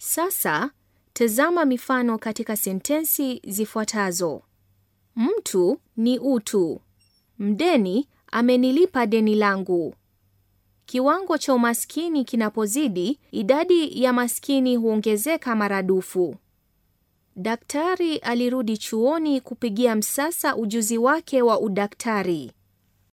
Sasa tazama mifano katika sentensi zifuatazo. Mtu ni utu. Mdeni amenilipa deni langu. Kiwango cha umaskini kinapozidi, idadi ya maskini huongezeka maradufu. Daktari alirudi chuoni kupigia msasa ujuzi wake wa udaktari.